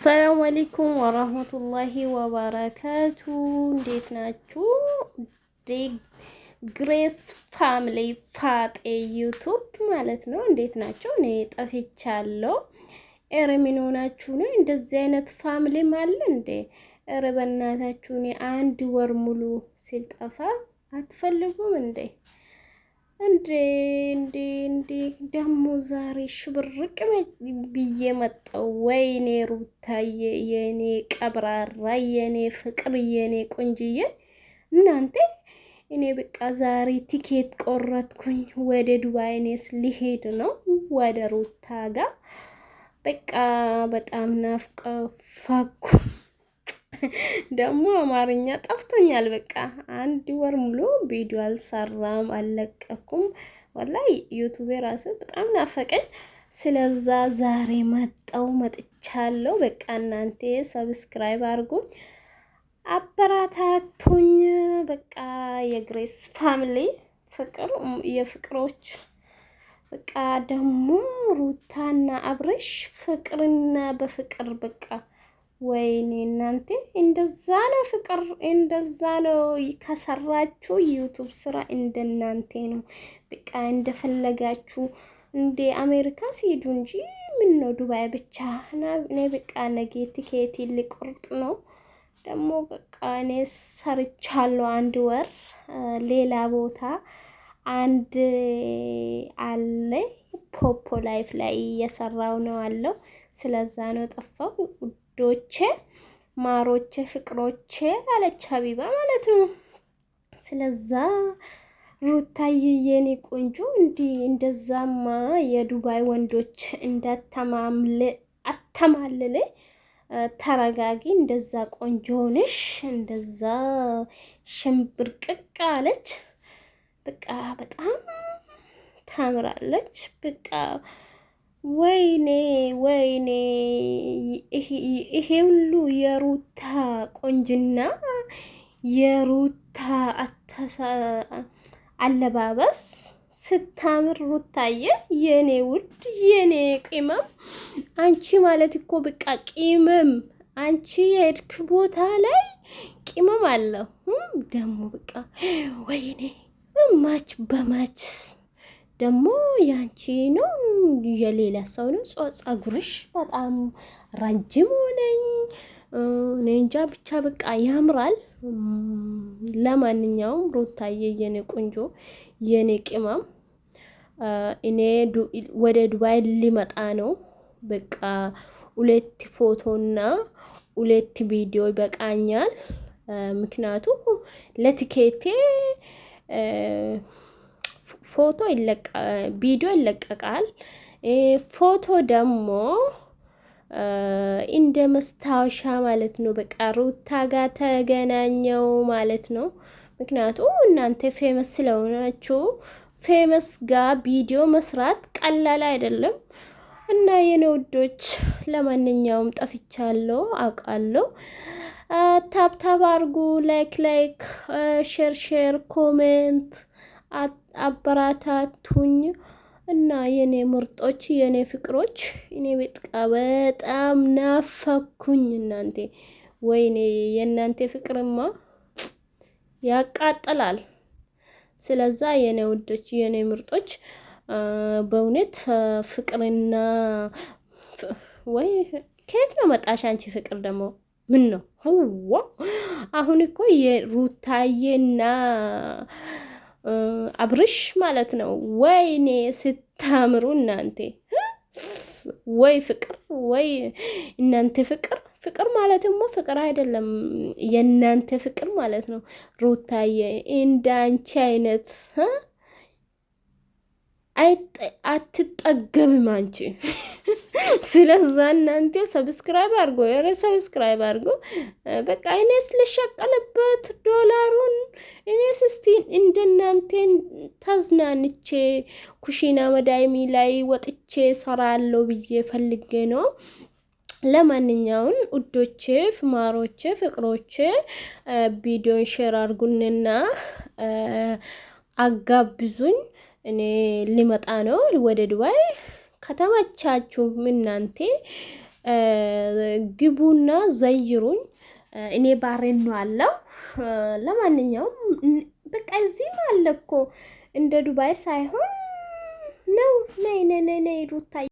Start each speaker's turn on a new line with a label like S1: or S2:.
S1: ሰላም አለይኩም ወራህመቱላሂ ወበረካቱ። እንዴት ናችሁ? ግሬስ ፋሚሊ ፋጤ ዩቱብ ማለት ነው። እንዴት ናቸው? እኔ ጠፍቻለሁ። ኧረ ምን ሆናችሁ ነው? እንደዚህ አይነት ፋሚሊም አለ እንዴ? ኧረ በእናታችሁ እኔ አንድ ወር ሙሉ ሲልጠፋ አትፈልጉም እንዴ? እንዴ እንዴ እንዴ ደግሞ ዛሬ ሽብርቅ ብዬ መጣው። ወይኔ ሩታዬ፣ የኔ ቀብራራ፣ የኔ ፍቅር፣ የኔ ቆንጅዬ እናንተ እኔ በቃ ዛሬ ቲኬት ቆረጥኩኝ ወደ ዱባይኔስ ሊሄድ ነው ወደ ሩታ ጋር። በቃ በጣም ናፍቀፋኩ። ደግሞ አማርኛ ጠፍቶኛል። በቃ አንድ ወር ሙሉ ቪዲዮ አልሰራም፣ አልለቀኩም። ወላይ ዩቱቤ ራሱ በጣም ናፈቀኝ። ስለዛ ዛሬ መጣው መጥቻለሁ። በቃ እናንተ ሰብስክራይብ አድርጉኝ፣ አበራታቱኝ። በቃ የግሬስ ፋሚሊ ፍቅር የፍቅሮች በቃ ደግሞ ሩታና አብረሽ ፍቅርና በፍቅር በቃ ወይኔ እናንተ እንደዛ ነው ፍቅር፣ እንደዛ ነው ከሰራችሁ ዩቱብ ስራ እንደናንተ ነው። በቃ እንደፈለጋችሁ እንደ አሜሪካ ሲሄዱ እንጂ ምን ነው ዱባይ ብቻ እኔ በቃ ነገ ትኬት ልቆርጥ ነው። ደግሞ በቃ እኔ ሰርቻለሁ አንድ ወር ሌላ ቦታ አንድ አለ ፖፖ ላይፍ ላይ እየሰራው ነው አለው። ስለዛ ነው ጠፋው። ዶቼ ማሮቼ ፍቅሮቼ አለች ሀቢባ ማለት ነው። ስለዛ ሩታዬ የኔ ቆንጆ እንዲ እንደዛማ የዱባይ ወንዶች እንዳታማምል አታማልል፣ ተረጋጊ። እንደዛ ቆንጆ ሆነሽ እንደዛ ሽምብርቅቅ አለች። በቃ በጣም ታምራለች። በቃ ወይኔ ወይኔ! ይሄ ሁሉ የሩታ ቆንጅና፣ የሩታ አለባበስ ስታምር ሩታዬ፣ የኔ ውድ፣ የኔ ቅመም፣ አንቺ ማለት እኮ በቃ ቅመም። አንቺ የሄድክ ቦታ ላይ ቅመም አለው ደግሞ በቃ ወይኔ፣ ማች በማች ደግሞ ያንቺ ነው የሌላ ሰው ነው። ጸጉርሽ በጣም ረጅም ሆነኝ እኔ እንጃ ብቻ በቃ ያምራል። ለማንኛውም ሩታዬ የኔ ቆንጆ የኔ ቅመም እኔ ወደ ዱባይ ሊመጣ ነው። በቃ ሁለት ፎቶና ሁለት ቪዲዮ ይበቃኛል። ምክንያቱም ለትኬቴ ፎቶ ቪዲዮ ይለቀቃል። ፎቶ ደግሞ እንደ መስታወሻ ማለት ነው። በቃ ሩታ ጋር ተገናኘው ማለት ነው። ምክንያቱ እናንተ ፌመስ ስለሆናችሁ ፌመስ ጋር ቪዲዮ መስራት ቀላል አይደለም። እና የኔ ውዶች ለማንኛውም ጠፍቻለሁ አውቃለሁ። ታብታብ አርጉ፣ ላይክ ላይክ፣ ሼር ሼር፣ ኮሜንት አበራታቱኝ እና የኔ ምርጦች የኔ ፍቅሮች፣ እኔ በጥቃ በጣም ናፈኩኝ እናንቴ። ወይኔ የእናንቴ ፍቅርማ ያቃጥላል። ስለዛ የኔ ውዶች የኔ ምርጦች በእውነት ፍቅርና ወይ ከየት ነው መጣሽ አንቺ ፍቅር ደግሞ ምን ነው? ህዋ አሁን እኮ የሩታዬና አብርሽ ማለት ነው። ወይኔ ስታምሩ እናንቴ! ወይ ፍቅር፣ ወይ እናንተ ፍቅር። ፍቅር ማለት ሞ ፍቅር አይደለም የእናንተ ፍቅር ማለት ነው። ሩታዬ እንዳንቺ አይነት አትጠገብም አንቺ ስለዛ እናንተ ሰብስክራይብ አድርጎ የረ ሰብስክራይብ አድርጎ በቃ እኔ ስለሸቀለበት ዶላሩን እኔ ስስቲ እንደናንቴን ተዝናንቼ ኩሽና መዳይሚ ላይ ወጥቼ ሰራለው ብዬ ፈልጌ ነው። ለማንኛውም ውዶቼ፣ ፍማሮቼ፣ ፍቅሮቼ ቪዲዮን ሼር አድርጉንና አጋብዙኝ። እኔ ሊመጣ ነው ወደ ዱባይ ከተመቻችሁ እናንቴ ግቡና ዘይሩኝ። እኔ ባሬን ነው አለው። ለማንኛውም በቃ እዚህም አለ እኮ እንደ ዱባይ ሳይሆን ነው። ነይ ነይ ነይ ሩታ